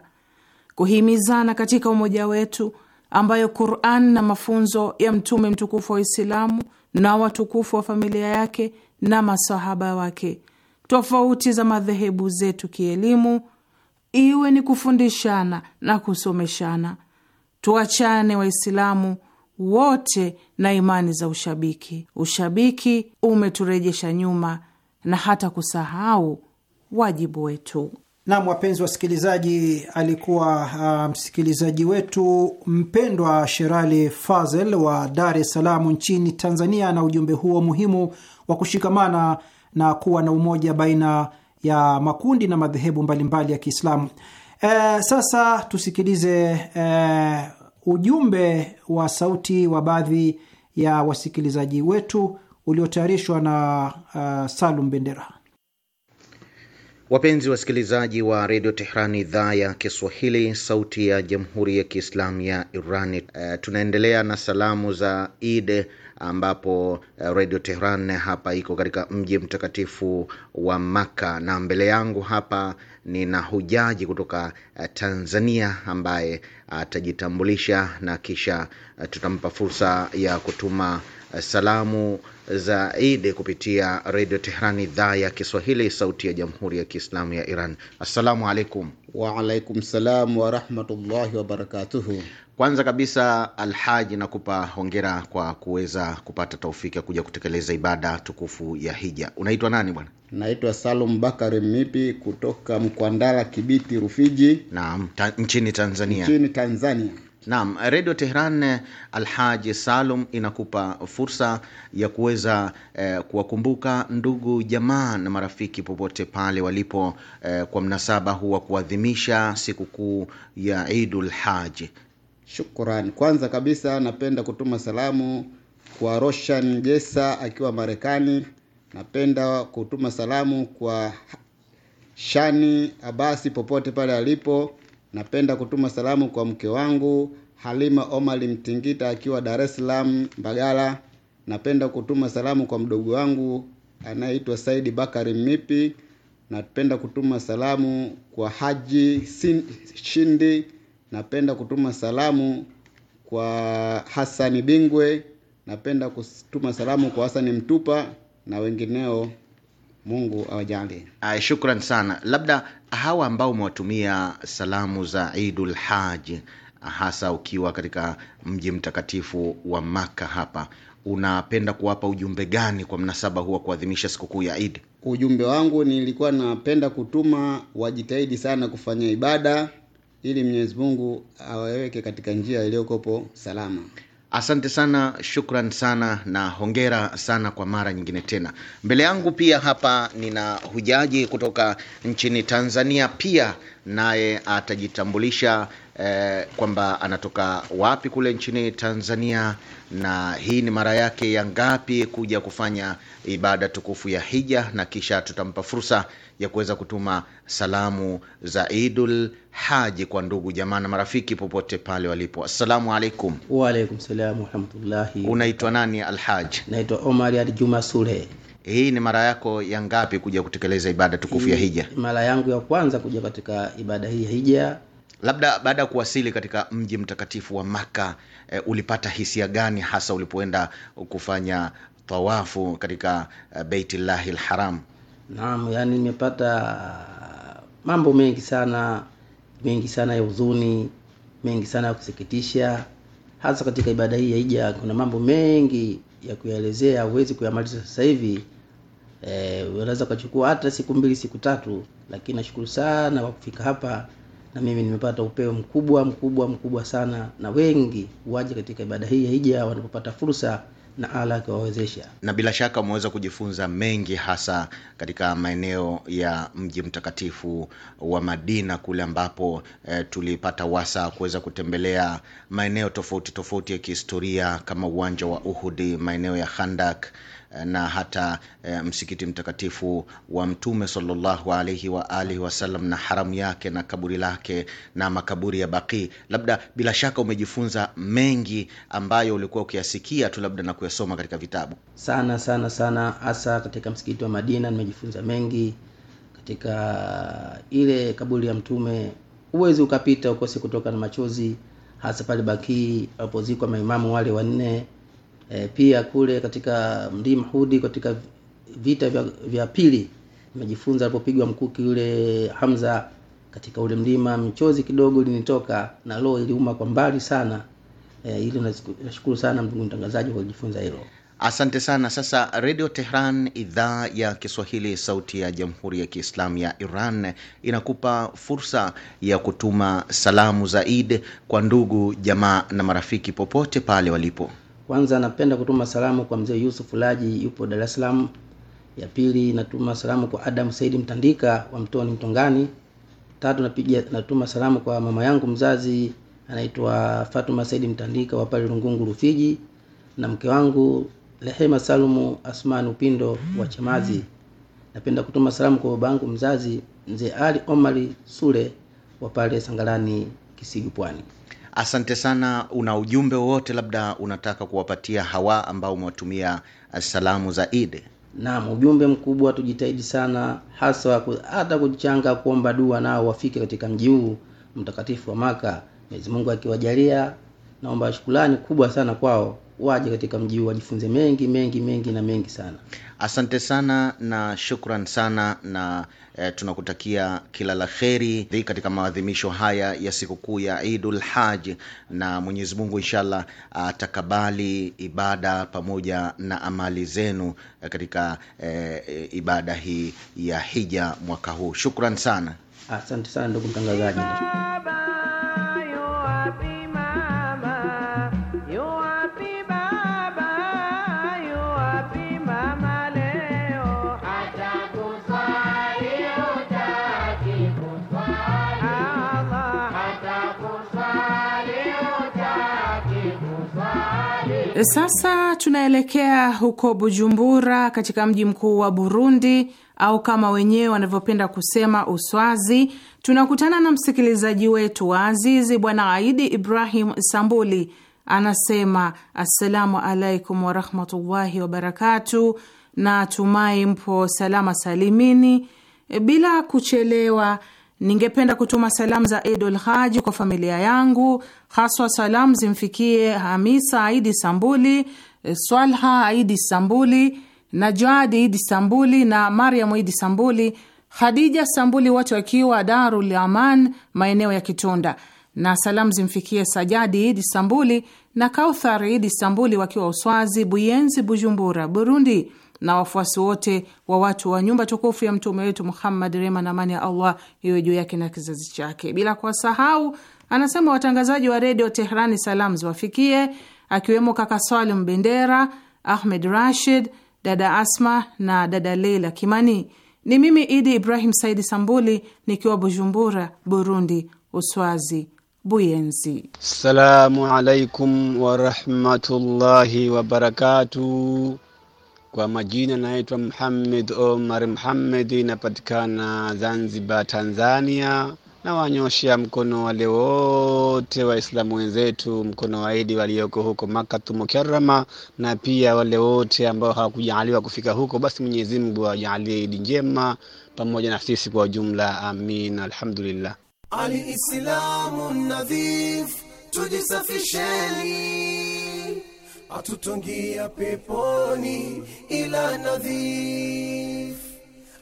Speaker 4: kuhimizana katika umoja wetu, ambayo Quran na mafunzo ya mtume mtukufu wa Uislamu na watukufu wa familia yake na masahaba wake, tofauti za madhehebu zetu kielimu, iwe ni kufundishana na kusomeshana. Tuachane Waislamu wote na imani za ushabiki. Ushabiki umeturejesha nyuma na hata kusahau wajibu wetu.
Speaker 3: Nam, wapenzi wasikilizaji, alikuwa uh, msikilizaji wetu mpendwa Sherali Fazel wa Dar es Salaam nchini Tanzania, na ujumbe huo muhimu wa kushikamana na kuwa na umoja baina ya makundi na madhehebu mbalimbali ya Kiislamu. Eh, sasa tusikilize eh, ujumbe wa sauti wa baadhi ya wasikilizaji wetu uliotayarishwa na uh, Salum Bendera.
Speaker 5: Wapenzi wasikilizaji wa redio Tehrani, idhaa ya Kiswahili, sauti ya jamhuri ya kiislamu ya Iran. Uh, tunaendelea na salamu za Id ambapo uh, redio Tehran hapa iko katika mji mtakatifu wa Makka, na mbele yangu hapa nina hujaji kutoka eh, Tanzania ambaye atajitambulisha na kisha eh, tutampa fursa ya kutuma salamu za Idi kupitia Redio Tehran, idhaa ya Kiswahili, sauti ya Jamhuri ya Kiislamu ya Iran. Assalamu alaikum. Wa alaikum salam wa rahmatullahi wa barakatuhu. Kwanza kabisa, Alhaji, nakupa hongera kwa kuweza kupata taufiki ya kuja kutekeleza ibada tukufu ya hija. Unaitwa nani bwana? Naitwa Salum Bakari Mipi
Speaker 7: kutoka
Speaker 5: Mkwandala, Kibiti, Rufiji. Naam, ta nchini Tanzania. Nchini
Speaker 7: Tanzania.
Speaker 5: Naam, Redio Tehran eh, Alhaji Salum inakupa fursa ya kuweza eh, kuwakumbuka ndugu jamaa na marafiki popote pale walipo eh, kwa mnasaba huu wa kuadhimisha sikukuu ya Idul Haji.
Speaker 7: Shukran. Kwanza kabisa napenda kutuma salamu kwa Roshan Jesa akiwa Marekani. Napenda kutuma salamu kwa Shani Abasi popote pale alipo Napenda kutuma salamu kwa mke wangu Halima Omari Mtingita akiwa Dar es Salaam Mbagala. Napenda kutuma salamu kwa mdogo wangu anayeitwa Saidi Bakari Mipi. Napenda kutuma salamu kwa Haji Shindi. Napenda kutuma salamu kwa Hasani Bingwe. Napenda kutuma salamu kwa Hasani
Speaker 5: Mtupa na wengineo. Mungu awajalie. Shukran sana. Labda hawa ambao umewatumia salamu za Idul Haji, hasa ukiwa katika mji mtakatifu wa Maka hapa, unapenda kuwapa ujumbe gani kwa mnasaba huwa kuadhimisha sikukuu ya Idi?
Speaker 7: Ujumbe wangu nilikuwa napenda kutuma wajitahidi sana kufanya ibada ili Mwenyezi Mungu awaweke katika
Speaker 5: njia iliyokopo salama. Asante sana, shukran sana na hongera sana kwa mara nyingine tena. Mbele yangu pia hapa nina hujaji kutoka nchini Tanzania, pia naye atajitambulisha eh, kwamba anatoka wapi kule nchini Tanzania na hii ni mara yake ya ngapi kuja kufanya ibada tukufu ya hija, na kisha tutampa fursa ya kuweza kutuma salamu za Idul Haji kwa ndugu jamaa na marafiki popote pale walipo. Assalamu alaikum.
Speaker 8: Wa alaikum salam wa rahmatullahi.
Speaker 5: Unaitwa nani Alhaj? Naitwa Omar Ali Juma Sule. Hii ni mara yako ya ngapi kuja kutekeleza ibada tukufu ya hija?
Speaker 8: Mara yangu ya kwanza kuja katika ibada hii ya hija.
Speaker 5: Labda baada ya kuwasili katika mji mtakatifu wa Maka, e, eh, ulipata hisia gani hasa ulipoenda kufanya tawafu katika eh, Beitillahi lharam?
Speaker 8: Naam, yani nimepata mambo mengi sana, mengi sana ya huzuni, mengi sana ya kusikitisha, hasa katika ibada hii ya ija Kuna mambo mengi ya kuyaelezea, huwezi kuyamaliza sasa hivi. E, unaweza ukachukua hata siku mbili siku tatu, lakini nashukuru sana kwa kufika hapa, na mimi nimepata upeo mkubwa mkubwa mkubwa sana, na wengi waje katika ibada hii ya Hija wanapopata fursa na ala kuwawezesha. Na
Speaker 5: bila shaka umeweza kujifunza mengi, hasa katika maeneo ya mji mtakatifu wa Madina kule ambapo eh, tulipata wasa kuweza kutembelea maeneo tofauti tofauti ya kihistoria kama uwanja wa Uhudi, maeneo ya Khandak Eh, na hata e, msikiti mtakatifu wa Mtume sallallahu alaihi wa alihi wasallam na haramu yake na kaburi lake na makaburi ya Baqi. Labda bila shaka umejifunza mengi ambayo ulikuwa ukiyasikia tu labda na kuyasoma katika vitabu.
Speaker 8: Sana sana sana, hasa katika msikiti wa Madina nimejifunza mengi katika ile kaburi ya Mtume huwezi ukapita ukose kutoka na machozi, hasa pale Bakii alipozikwa maimamu wale wanne. E, pia kule katika mlima Hudi katika vita vya, vya pili nimejifunza alipopigwa mkuki yule Hamza katika ule mlima, michozi kidogo ilinitoka na roho iliuma kwa mbali sana. E, ili nashukuru sana ndugu mtangazaji kwa kujifunza hilo. Asante sana. Sasa
Speaker 5: Redio Tehran idhaa ya Kiswahili, sauti ya Jamhuri ya Kiislamu ya Iran inakupa fursa ya kutuma salamu zaidi kwa ndugu, jamaa na marafiki popote pale walipo.
Speaker 8: Kwanza napenda kutuma salamu kwa mzee Yusuf Laji, yupo Dar es Salaam. Ya pili natuma salamu kwa Adam Saidi Mtandika wa Mtoni Mtongani. Tatu napiga natuma salamu kwa mama yangu mzazi anaitwa Fatuma Saidi Mtandika wa pale Rungungu Rufiji, na mke wangu Rehema Salumu Asman Upindo wa Chemazi. Napenda kutuma salamu kwa babangu mzazi mzee Ali Omari Sule wa pale Sangalani Kisigu Pwani. Asante
Speaker 5: sana. Una ujumbe wowote labda unataka kuwapatia hawa ambao umewatumia uh, salamu za Idi?
Speaker 8: Naam, ujumbe mkubwa, tujitahidi sana hasa hata kuchanga kuomba dua nao wafike katika mji huu mtakatifu wa Maka. Mwenyezi Mungu akiwajalia, naomba shukulani kubwa sana kwao waje katika mji huu wajifunze mengi mengi mengi na mengi sana.
Speaker 5: Asante sana na shukran sana na e, tunakutakia kila la kheri katika maadhimisho haya ya sikukuu ya Idul Haj, na Mwenyezi Mungu inshallah atakabali ibada pamoja na amali zenu eh, katika e, ibada hii ya hija mwaka huu. Shukran sana,
Speaker 8: asante sana ndugu mtangazaji.
Speaker 4: Sasa tunaelekea huko Bujumbura, katika mji mkuu wa Burundi au kama wenyewe wanavyopenda kusema Uswazi. Tunakutana na msikilizaji wetu wa azizi Bwana Aidi Ibrahim Sambuli, anasema assalamu alaikum warahmatullahi wabarakatu, na tumai mpo salama salimini. Bila kuchelewa Ningependa kutuma salamu za Idul Haji kwa familia yangu, haswa salamu zimfikie Hamisa Aidi Sambuli, Swalha Aidi Sambuli, Najadi Idi Sambuli na Mariamu Idi Sambuli, Khadija Sambuli, wote wakiwa Darul Aman maeneo ya Kitunda, na salamu zimfikie Sajadi Idi Sambuli na Kauthar Idi Sambuli wakiwa Uswazi, Buyenzi, Bujumbura, Burundi na wafuasi wote wa watu wa nyumba tukufu ya mtume wetu Muhammad, rehma na amani ya Allah iwe juu yake na kizazi chake, bila kuwasahau anasema watangazaji wa redio Tehrani salam ziwafikie, akiwemo kaka Salim Bendera, Ahmed Rashid, dada Asma na dada Leila Kimani. Ni mimi Idi Ibrahim Saidi Sambuli nikiwa Bujumbura, Burundi, Uswazi Buyenzi. Salamu
Speaker 1: alaikum warahmatullahi wabarakatuh. Kwa majina naitwa Muhammad Omar Muhammad, inapatikana Zanzibar, Tanzania. Nawanyoshea mkono wale wote Waislamu wenzetu mkono wa Idi walioko huko Makkatul Mukarrama, na pia wale wote ambao hawakujaliwa kufika huko, basi Mwenyezi Mungu awajalie Idi njema pamoja na sisi kwa ujumla. Amin, alhamdulillah.
Speaker 9: Ali Islamu nadhif,
Speaker 10: tujisafisheni atutongia peponi ila nadhif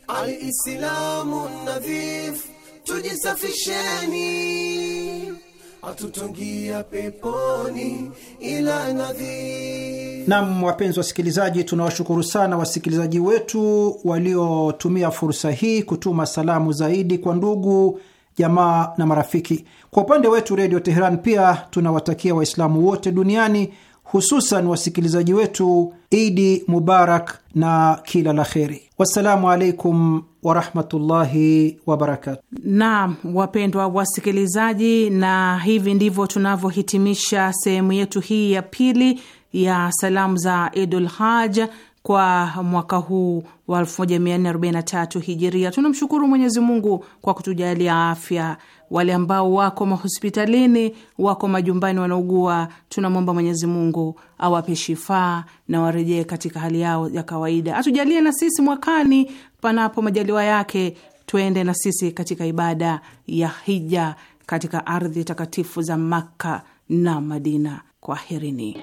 Speaker 10: alislamu nadhif tujisafisheni atutongia peponi ila nadhif.
Speaker 3: Nam, wapenzi wasikilizaji, tunawashukuru sana wasikilizaji wetu waliotumia fursa hii kutuma salamu zaidi kwa ndugu jamaa na marafiki. Kwa upande wetu Redio Teheran pia tunawatakia Waislamu wote duniani hususan wasikilizaji wetu, Idi Mubarak na kila la kheri. Wassalamu alaikum warahmatullahi wabarakatu.
Speaker 4: Naam, wapendwa wasikilizaji, na hivi ndivyo tunavyohitimisha sehemu yetu hii ya pili ya salamu za Idul Haj kwa mwaka huu wa 1443 Hijiria. Tunamshukuru Mwenyezi Mungu kwa kutujalia afya wale ambao wako mahospitalini, wako majumbani, wanaugua. Tunamwomba Mwenyezi Mungu awape shifaa na warejee katika hali yao ya kawaida. Atujalie na sisi mwakani, panapo majaliwa yake, tuende na sisi katika ibada ya hija katika ardhi takatifu za Makka na Madina. Kwaherini.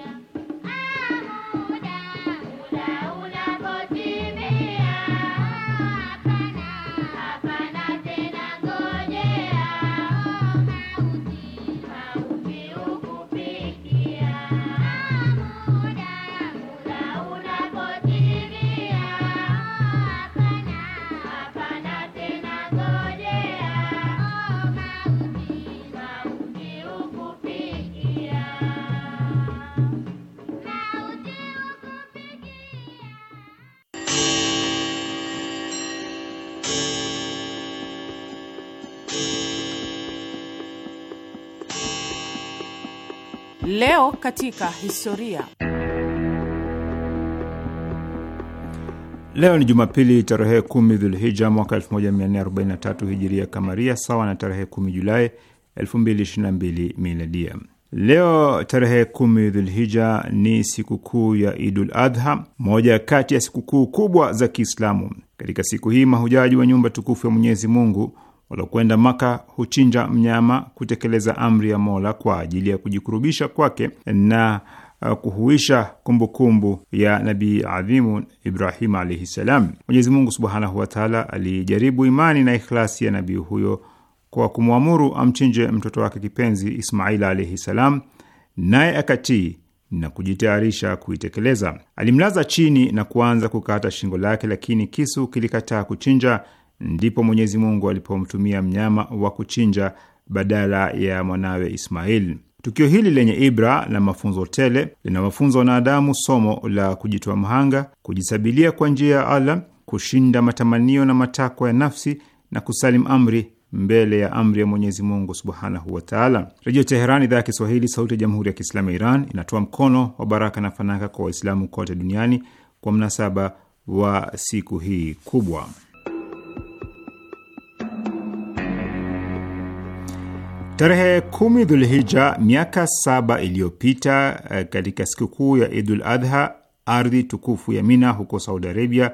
Speaker 4: Leo katika historia.
Speaker 11: Leo ni Jumapili tarehe kumi Dhulhija mwaka 1443 hijiria kamaria, sawa na tarehe kumi Julai 2022 miladia. Leo tarehe kumi Dhulhija ni sikukuu ya Idul Adha, moja kati ya sikukuu kubwa za Kiislamu. Katika siku hii mahujaji wa nyumba tukufu ya Mwenyezi Mungu waliokwenda Maka huchinja mnyama kutekeleza amri ya Mola kwa ajili ya kujikurubisha kwake na uh, kuhuisha kumbukumbu kumbu ya Nabii adhimu Ibrahim alaihi salam. Mwenyezi Mungu subhanahu wataala alijaribu imani na ikhlasi ya nabii huyo kwa kumwamuru amchinje mtoto wake kipenzi Ismail alaihi salam, naye akatii na kujitayarisha kuitekeleza. Alimlaza chini na kuanza kukata shingo lake, lakini kisu kilikataa kuchinja ndipo Mwenyezi Mungu alipomtumia mnyama wa kuchinja badala ya mwanawe Ismail. Tukio hili lenye ibra na mafunzo tele linawafunza wanadamu somo la kujitoa mhanga, kujisabilia kwa njia ya Allah, kushinda matamanio na matakwa ya nafsi na kusalim amri mbele ya amri ya Mwenyezi Mungu subhanahu wataala. Redio Teheran, idhaa ya Kiswahili, sauti ya jamhuri ya kiislamu ya Iran, inatoa mkono wa baraka na fanaka kwa Waislamu kote duniani kwa mnasaba wa siku hii kubwa. Tarehe kumi Dhulhija, miaka saba iliyopita, eh, katika sikukuu ya Idul Adha, ardhi tukufu ya Mina huko Saudi Arabia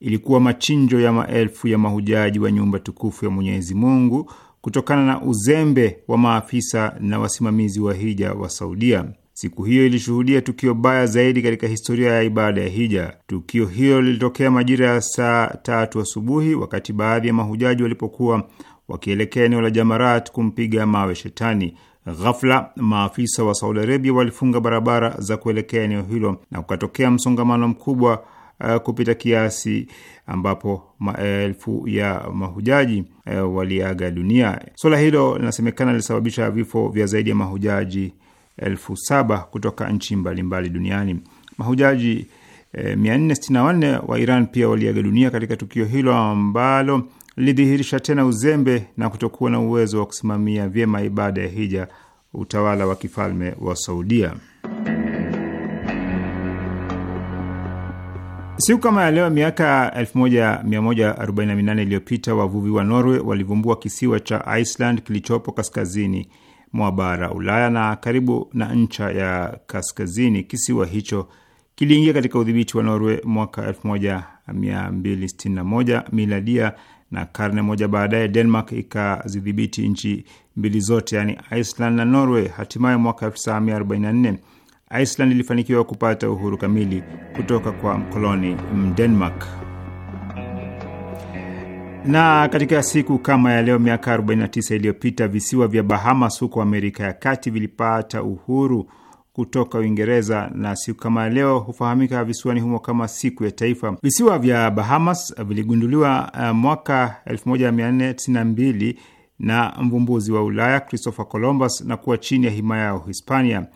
Speaker 11: ilikuwa machinjo ya maelfu ya mahujaji wa nyumba tukufu ya Mwenyezi Mungu kutokana na uzembe wa maafisa na wasimamizi wa hija wa Saudia. Siku hiyo ilishuhudia tukio baya zaidi katika historia ya ibada ya hija. Tukio hilo lilitokea majira ya saa tatu asubuhi wa wakati baadhi ya mahujaji walipokuwa wakielekea eneo la Jamarat kumpiga mawe Shetani. Ghafla maafisa wa Saudi Arabia walifunga barabara za kuelekea eneo hilo na kukatokea msongamano mkubwa uh, kupita kiasi ambapo maelfu ya mahujaji uh, waliaga dunia. Suala hilo linasemekana lilisababisha vifo vya zaidi ya mahujaji elfu saba kutoka nchi mbalimbali duniani. Mahujaji eh, uh, 464 wa Iran pia waliaga dunia katika tukio hilo ambalo lilidhihirisha tena uzembe na kutokuwa na uwezo wa kusimamia vyema ibada ya hija utawala wa kifalme wa Saudia. Siku kama ya leo miaka 1148 iliyopita wavuvi wa Norway walivumbua kisiwa cha Iceland kilichopo kaskazini mwa bara Ulaya na karibu na ncha ya kaskazini. Kisiwa hicho kiliingia katika udhibiti wa Norway mwaka 1261 miladia na karne moja baadaye Denmark ikazidhibiti nchi mbili zote, yaani Iceland na Norway. Hatimaye mwaka 1944 Iceland ilifanikiwa kupata uhuru kamili kutoka kwa mkoloni Mdenmark. Na katika siku kama ya leo miaka 49 iliyopita visiwa vya Bahamas huko Amerika ya Kati vilipata uhuru kutoka Uingereza na siku kama leo hufahamika visiwani humo kama siku ya taifa. Visiwa vya Bahamas viligunduliwa eh, mwaka 1492 na mvumbuzi wa Ulaya Christopher Columbus na kuwa chini ya himaya ya Uhispania.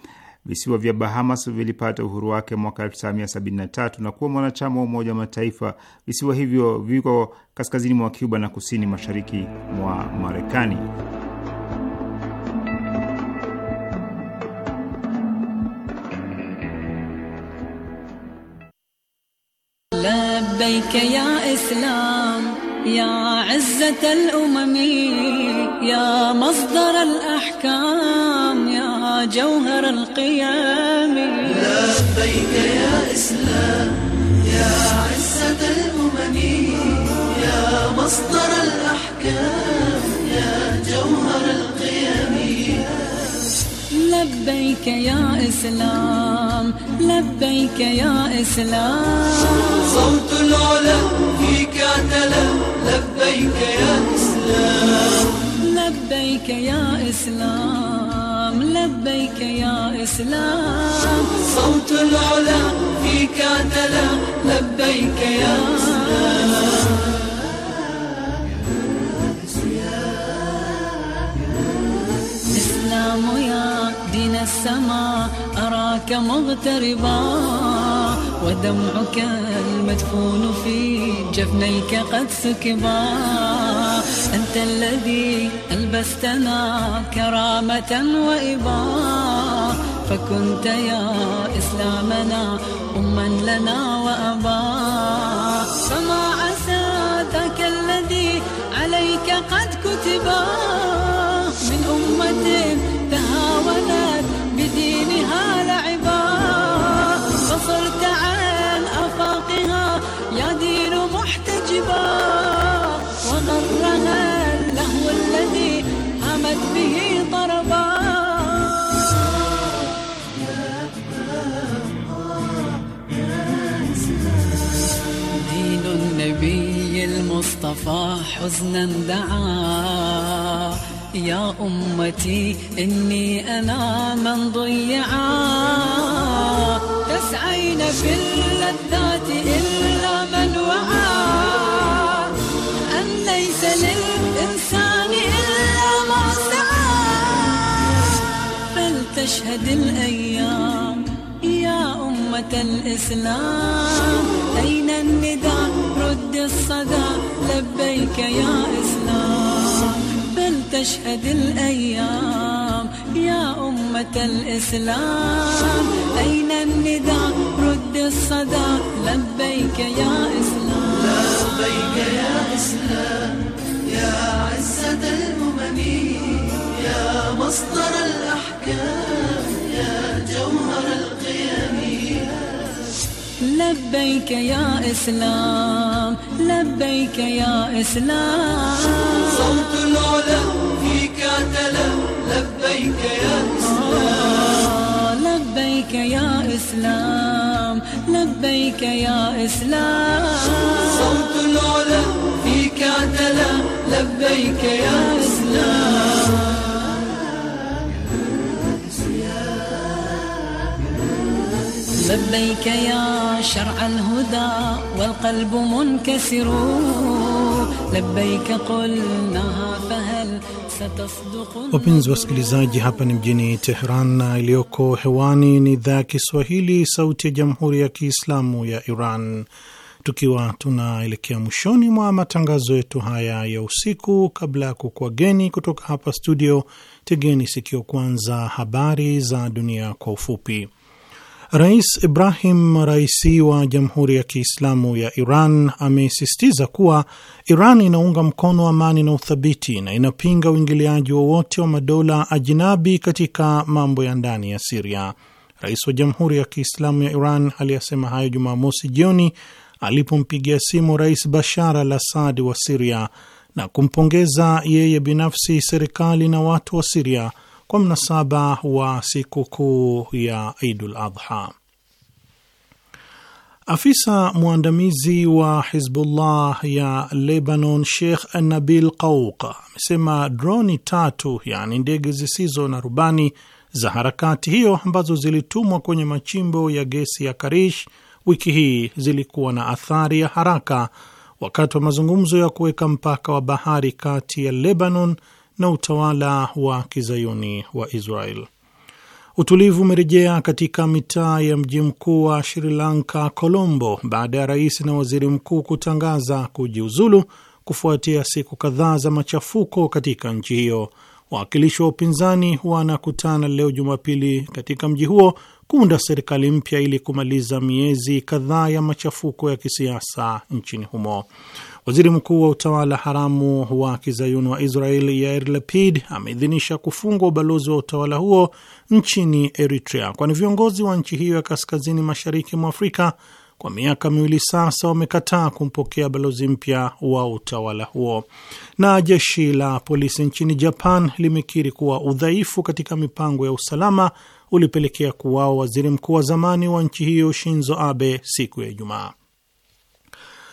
Speaker 11: Visiwa vya Bahamas vilipata uhuru wake mwaka 1973 na kuwa mwanachama wa Umoja wa Mataifa. Visiwa hivyo viko kaskazini mwa Cuba na kusini mashariki mwa Marekani.
Speaker 12: لبيك يا إسلام يا عزة الأمم يا مصدر الأحكام يا جوهر القيام لبيك يا إسلام يا
Speaker 9: عزة الأمم يا مصدر الأحكام يا جوهر
Speaker 12: لبيك يا إسلام لبيك يا إسلام صوت العلا فيك اعتلى لبيك يا إسلام لبيك يا إسلام لبيك يا إسلام صوت العلا فيك اعتلى لبيك
Speaker 9: يا إسلام
Speaker 12: إسلام يا السما أراك مغتربا ودمعك المدفون في جفنيك قد سكبا أنت الذي ألبستنا كرامة وإبا فكنت يا إسلامنا أما لنا وأبا فما عسى ذاك الذي عليك قد كتبا الوفا حزنا دعا يا أمتي إني أنا من ضيعا تسعين في اللذات إلا من وعى أن ليس للإنسان إلا ما سعى فلتشهد الأيام يا أمة الإسلام أين النداء رد الصدى لبيك يا إسلام بل تشهد الأيام يا أمة الإسلام أين النداء رد الصدى لبيك يا إسلام لبيك يا إسلام يا عزة الأمم
Speaker 9: يا مصدر الأحكام يا جوهر القيم
Speaker 12: لبيك يا إسلام لبيك يا إسلام صوت العلا فيك اعتلى لبيك يا إسلام لبيك يا إسلام لبيك يا إسلام صوت العلا فيك اعتلى لبيك يا إسلام لبيك يا شرع الهدى والقلب منكسر لبيك قلناها فهل
Speaker 2: Wapenzi wasikilizaji, hapa ni mjini Teheran na iliyoko hewani ni idhaa ya Kiswahili, sauti ya jamhuri ya kiislamu ya Iran, tukiwa tunaelekea mwishoni mwa matangazo yetu haya ya usiku. Kabla ya kukuageni kutoka hapa studio, tegeni sikio kwanza habari za dunia kwa ufupi. Rais Ibrahim Raisi wa Jamhuri ya Kiislamu ya Iran amesisitiza kuwa Iran inaunga mkono amani na uthabiti na inapinga uingiliaji wowote wa, wa madola ajinabi katika mambo ya ndani ya Siria. Rais wa Jamhuri ya Kiislamu ya Iran aliyasema hayo Jumamosi jioni alipompigia simu Rais Bashar al assadi wa Siria na kumpongeza yeye binafsi, serikali na watu wa Siria kwa mnasaba wa sikukuu ya Idul Adha. Afisa mwandamizi wa Hizbullah ya Lebanon, Sheikh Nabil Qauq, amesema droni tatu, yaani ndege zisizo na rubani za harakati hiyo ambazo zilitumwa kwenye machimbo ya gesi ya Karish wiki hii zilikuwa na athari ya haraka wakati wa mazungumzo ya kuweka mpaka wa bahari kati ya Lebanon na utawala wa kizayuni wa Israel. Utulivu umerejea katika mitaa ya mji mkuu wa Sri Lanka, Colombo, baada ya rais na waziri mkuu kutangaza kujiuzulu kufuatia siku kadhaa za machafuko katika nchi hiyo. Wawakilishi wa upinzani wanakutana leo Jumapili katika mji huo kuunda serikali mpya ili kumaliza miezi kadhaa ya machafuko ya kisiasa nchini humo. Waziri mkuu wa utawala haramu wa kizayuni wa Israel Yair Lapid ameidhinisha kufungwa ubalozi wa utawala huo nchini Eritrea, kwani viongozi wa nchi hiyo ya kaskazini mashariki mwa Afrika kwa miaka miwili sasa wamekataa kumpokea balozi mpya wa utawala huo. Na jeshi la polisi nchini Japan limekiri kuwa udhaifu katika mipango ya usalama ulipelekea kuwao waziri mkuu wa zamani wa nchi hiyo Shinzo Abe siku ya Ijumaa.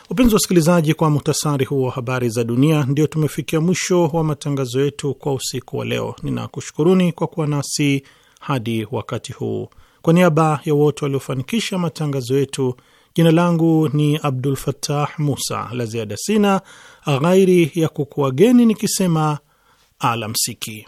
Speaker 2: Wapenzi wa wasikilizaji, kwa muhtasari huo wa habari za dunia, ndio tumefikia mwisho wa matangazo yetu kwa usiku wa leo. Ninakushukuruni kwa kuwa nasi hadi wakati huu. Kwa niaba ya wote waliofanikisha matangazo yetu, jina langu ni Abdul fatah Musa. La ziada sina ghairi ya kukuageni nikisema alamsiki.